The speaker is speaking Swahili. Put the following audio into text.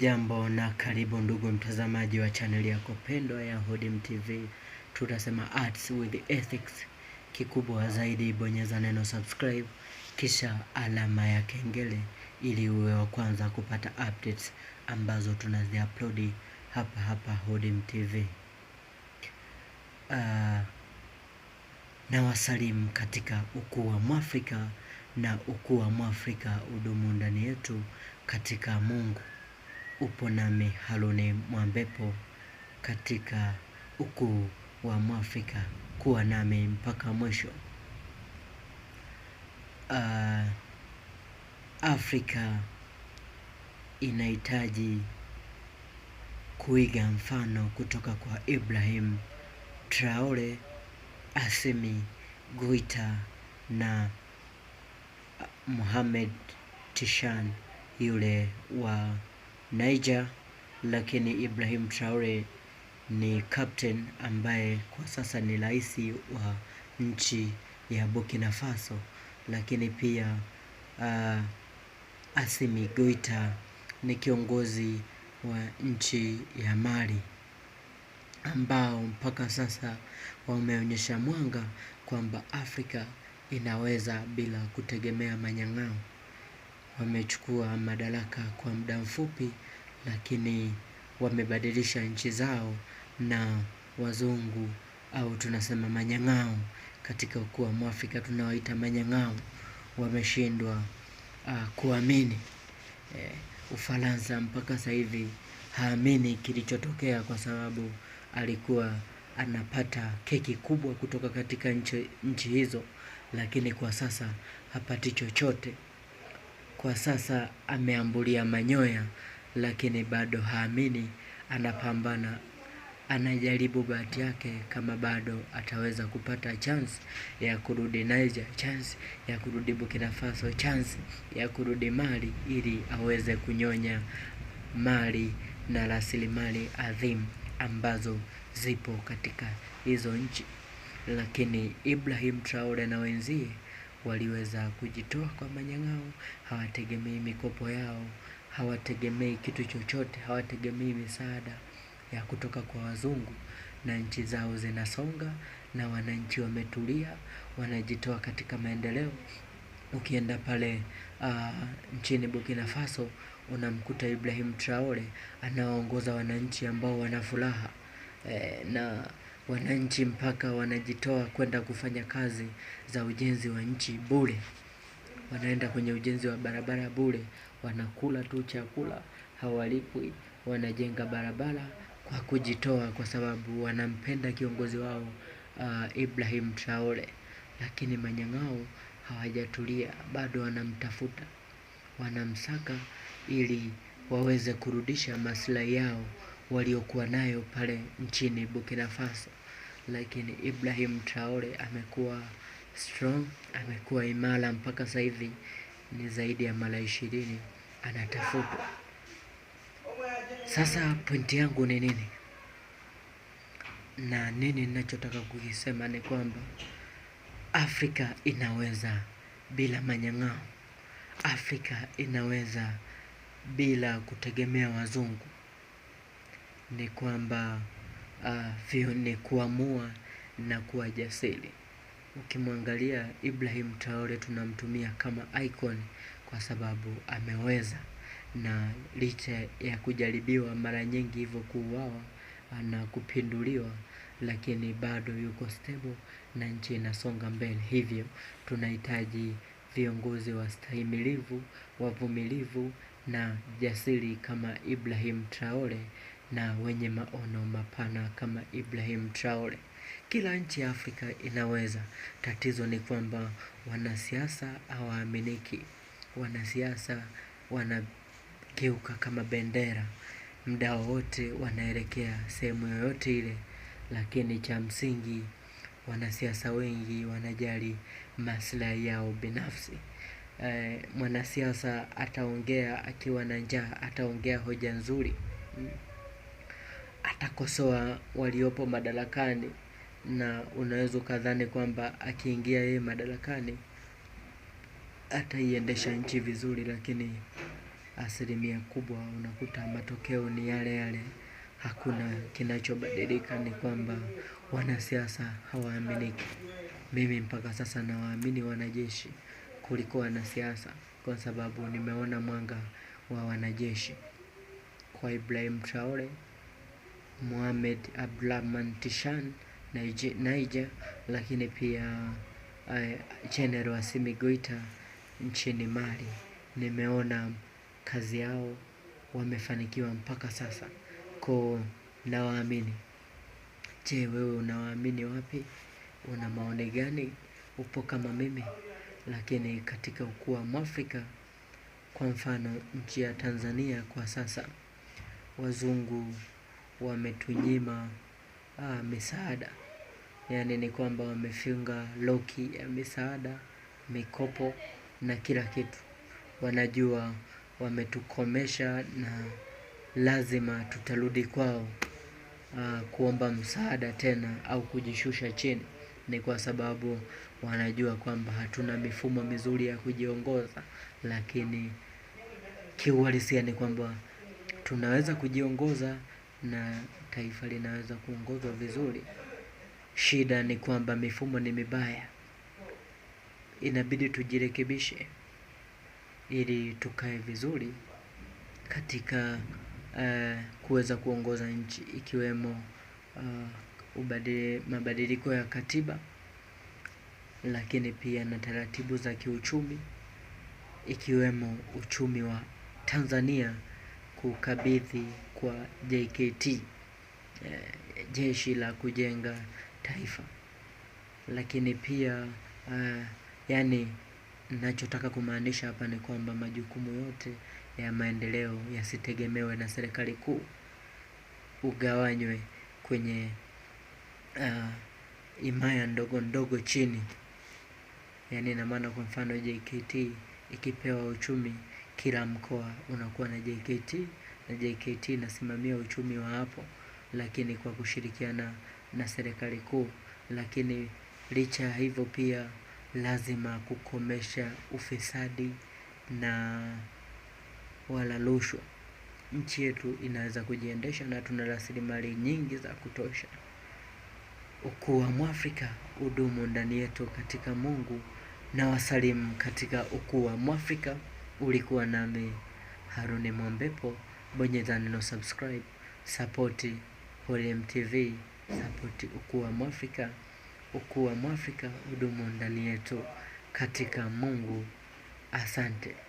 jambo na karibu ndugu mtazamaji wa chaneli yako pendwa ya Hodim TV. Tutasema Arts with Ethics. Kikubwa zaidi, bonyeza neno subscribe kisha alama ya kengele ili uwe wa kwanza kupata updates ambazo tunaziupload hapa hapa Hodim TV. Uh, ah, na wasalimu katika ukuu wa Mwafrika na ukuu wa Mwafrika udumu ndani yetu katika Mungu. Upo nami Haruni Mwambepo katika Ukuu wa Mwafrika. Kuwa nami mpaka mwisho. Uh, Afrika inahitaji kuiga mfano kutoka kwa Ibrahim Traore, Assimi Goita na Mohamed Tishan yule wa Niger, lakini Ibrahim Traore ni captain ambaye kwa sasa ni rais wa nchi ya Burkina Faso, lakini pia uh, Assimi Goita ni kiongozi wa nchi ya Mali ambao mpaka sasa wameonyesha mwanga kwamba Afrika inaweza bila kutegemea manyang'ao wamechukua madaraka kwa muda mfupi, lakini wamebadilisha nchi zao na wazungu au tunasema manyang'ao katika ukoo wa Mwafrika tunawaita manyang'ao wameshindwa uh, kuamini eh, Ufaransa mpaka sasa hivi haamini kilichotokea kwa sababu alikuwa anapata keki kubwa kutoka katika nchi, nchi hizo, lakini kwa sasa hapati chochote kwa sasa ameambulia manyoya lakini bado haamini, anapambana, anajaribu bahati yake kama bado ataweza kupata chance ya kurudi Niger, chance ya kurudi Burkina Faso, chance ya kurudi Mali ili aweze kunyonya mali na rasilimali adhimu ambazo zipo katika hizo nchi. Lakini Ibrahim Traore na wenzie waliweza kujitoa kwa manyang'ao, hawategemei mikopo yao, hawategemei kitu chochote, hawategemei misaada ya kutoka kwa wazungu na nchi zao zinasonga na wananchi wametulia, wanajitoa katika maendeleo. Ukienda pale uh, nchini Burkina Faso unamkuta Ibrahim Traore anawaongoza wananchi ambao wana furaha eh, na wananchi mpaka wanajitoa kwenda kufanya kazi za ujenzi wa nchi bure. Wanaenda kwenye ujenzi wa barabara bure, wanakula tu chakula, hawalipwi, wanajenga barabara kwa kujitoa kwa sababu wanampenda kiongozi wao uh, Ibrahim Traore. Lakini manyangao hawajatulia bado wanamtafuta, wanamsaka ili waweze kurudisha maslahi yao waliokuwa nayo pale nchini Burkina Faso, lakini Ibrahim Traore amekuwa strong, amekuwa imara mpaka sasa hivi ni zaidi ya mara ishirini anatafutwa. Sasa pointi yangu ni nini na nini ninachotaka kukisema ni kwamba Afrika inaweza bila manyang'ao. Afrika inaweza bila kutegemea wazungu ni kwamba uh, ni kuamua na kuwa jasiri. Ukimwangalia Ibrahim Traore tunamtumia kama icon kwa sababu ameweza na licha ya kujaribiwa mara nyingi hivyo kuuawa na kupinduliwa, lakini bado yuko stable na nchi inasonga mbele. Hivyo tunahitaji viongozi wastahimilivu, wavumilivu na jasiri kama Ibrahim Traore na wenye maono mapana kama Ibrahim Traore. Kila nchi ya Afrika inaweza. Tatizo ni kwamba wanasiasa hawaaminiki. Wanasiasa wanageuka kama bendera, muda wowote wanaelekea sehemu yoyote ile, lakini cha msingi wanasiasa wengi wanajali maslahi yao binafsi. E, mwanasiasa ataongea akiwa na njaa, ataongea hoja nzuri atakosoa waliopo madarakani na unaweza ukadhani kwamba akiingia yeye madarakani ataiendesha nchi vizuri, lakini asilimia kubwa unakuta matokeo ni yale yale. Hakuna kinachobadilika, ni kwamba wanasiasa hawaaminiki. Mimi mpaka sasa nawaamini wanajeshi kuliko wanasiasa, kwa sababu nimeona mwanga wa wanajeshi kwa Ibrahim Traore. Mohamed Abdulmantishan Tishan Niger, lakini pia eh, General uh, Asimi Goita nchini Mali. Nimeona kazi yao wamefanikiwa mpaka sasa, ko nawaamini. Je, wewe unawaamini wapi? Una maoni gani? Upo kama mimi? Lakini katika ukuu wa Mwafrika, kwa mfano nchi ya Tanzania kwa sasa wazungu wametunyima ah, misaada. Yani ni kwamba wamefunga loki ya misaada, mikopo na kila kitu. Wanajua wametukomesha na lazima tutarudi kwao ah, kuomba msaada tena au kujishusha chini. Ni kwa sababu wanajua kwamba hatuna mifumo mizuri ya kujiongoza. Lakini kiuhalisia ni kwamba tunaweza kujiongoza na taifa linaweza kuongozwa vizuri. Shida ni kwamba mifumo ni mibaya, inabidi tujirekebishe ili tukae vizuri katika uh, kuweza kuongoza nchi ikiwemo uh, ubadili, mabadiliko ya katiba, lakini pia na taratibu za kiuchumi ikiwemo uchumi wa Tanzania kukabidhi kwa JKT eh, jeshi la kujenga taifa. Lakini pia uh, yani nachotaka kumaanisha hapa ni kwamba majukumu yote ya maendeleo yasitegemewe na serikali kuu, ugawanywe kwenye uh, imaya ndogo ndogo chini. Yani ina maana, kwa mfano JKT ikipewa uchumi kila mkoa unakuwa na JKT na JKT inasimamia uchumi wa hapo, lakini kwa kushirikiana na serikali kuu. Lakini licha ya hivyo pia lazima kukomesha ufisadi na wala rushwa. Nchi yetu inaweza kujiendesha na tuna rasilimali nyingi za kutosha. Ukuu wa Mwafrika hudumu ndani yetu katika Mungu na wasalimu katika ukuu wa Mwafrika. Ulikuwa nami Haruni Mwambepo. Bonyeza neno subscribe, sapoti Holem TV, sapoti Ukuu wa Mwafrika. Ukuu wa Mwafrika, hudumu ndani yetu katika Mungu. Asante.